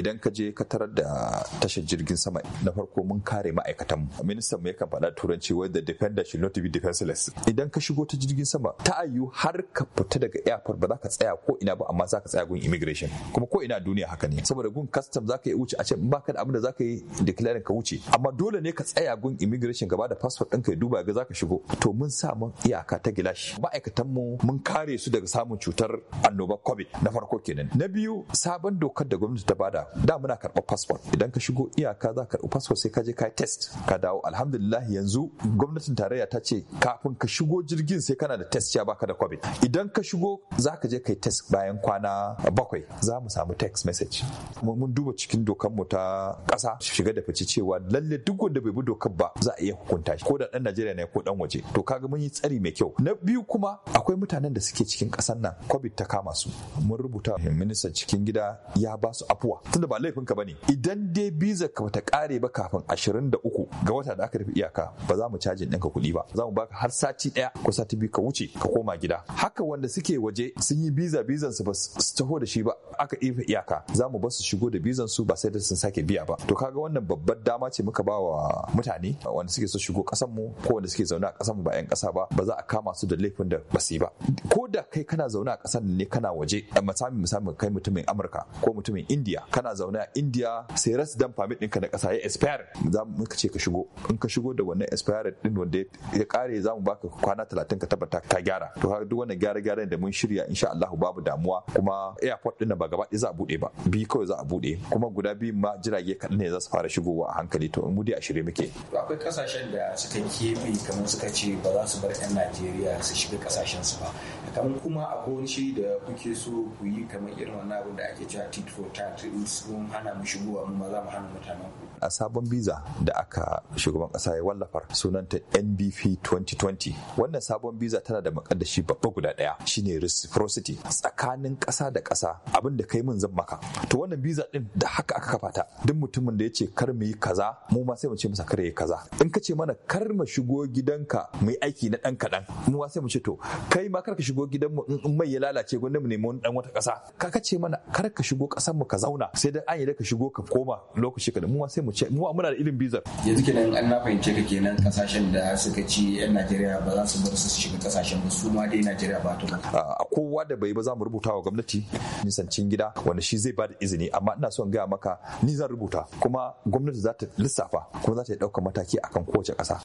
idan ka je ka tarar da tashar jirgin sama na farko mun kare ma'aikatan ministan mu yakan faɗa turanci wai the defender should not be defenseless idan ka shigo ta jirgin sama ta ayyu har ka fita daga airport ba za ka tsaya ko ina ba amma za ka tsaya gun immigration kuma ko ina duniya haka ne saboda gun custom za ka yi wuce a ce ba ka da abin da za ka yi declaring ka wuce amma dole ne ka tsaya gun immigration gaba da passport ɗinka ya duba ga za ka shigo to mun sa mun iyaka ta gilashi ma'aikatan mu mun kare su daga samun cutar annoba covid na farko kenan na biyu sabon dokar da gwamnati ta bada da muna karɓar fasfon idan ka shigo iyaka za ka karɓi fasfon sai ka je ka test ka dawo alhamdulillah yanzu gwamnatin tarayya ta ce kafin ka shigo jirgin sai kana da test ya baka da covid idan ka shigo za ka je kai test bayan kwana bakwai za mu samu text message mun duba cikin dokar mu ta ƙasa shiga da fice cewa lalle duk wanda bai bi dokar ba za a iya hukunta shi ko da ɗan Najeriya ne ko ɗan waje to kaga mun yi tsari mai kyau na biyu kuma akwai mutanen da suke cikin ƙasar nan covid ta kama su mun rubuta ministan cikin gida ya ba su afuwa tunda ba laifinka bane idan dai biza ka ta kare ba kafin 23 ga wata da aka tafi iyaka ba za mu cajin ɗinka kuɗi ba za mu baka har sati ɗaya ko sati biyu ka wuce ka koma gida haka wanda suke waje sun yi biza bizan su ba su taho da shi ba aka ifa iyaka za mu ba su shigo da bizan su ba sai da sun sake biya ba to kaga wannan babbar dama ce muka ba wa mutane wanda suke so shigo ƙasar mu ko wanda suke zaune a ƙasar mu ba 'yan ƙasa ba ba za a kama su da laifin da ba su ba ko da kai kana zaune a ƙasar ne kana waje misali misali kai mutumin Amurka ko mutumin India kana kana zaune a India sai resident permit ɗinka na ƙasa ya expire za mu ka ce ka shigo in ka shigo da wannan expire ɗin wanda ya ƙare za mu baka kwana talatin ka tabbata ka gyara to har duk wannan gyara gyaran da mun shirya insha Allah babu damuwa kuma airport ɗin ba gaba ɗaya za a buɗe ba bi kawai za a buɗe kuma guda biyu ma jirage kaɗan ne za su fara shigowa a hankali to mu dai a shirye muke. akwai ƙasashen da suka keɓe kamar suka ce ba za su bar 'yan Najeriya su shiga ƙasashen su ba kamar kuma akwai wani shiri da kuke so ku yi kamar irin wannan abin da ake cewa tit for tat sun hana mu shigowa mu mu hana mutanen ku a sabon biza da aka shugaban kasa ya wallafar sunanta NBP 2020 wannan sabon biza tana da makaddashi babba guda daya shine reciprocity tsakanin kasa da kasa abin da kai min zan maka to wannan biza din da haka aka kafa ta duk mutumin da ya ce kar mu yi kaza mu ma sai mu ce masa kar yi kaza in ka ce mana kar mu shigo gidanka mu yi aiki na dan kadan mu ma sai mu ce to kai ma kar ka shigo gidanmu in mai ya lalace gwanin mu nemi wani dan wata kasa ka ce mana kar ka shigo kasan mu ka zauna sai da an yi ka shigo ka koma lokaci kadan mu sai mu ce mu muna da irin bizar yanzu kenan an na fahimce ka kenan kasashen da suka ci yan Najeriya ba za su bar su shiga kasashen ba su ma dai Najeriya ba ta a kowa da bai ba za mu rubuta wa gwamnati nisancin gida wanda shi zai ba da izini amma ina son gaya maka ni zan rubuta kuma gwamnati za ta lissafa kuma za ta ɗauka mataki akan kowace ƙasa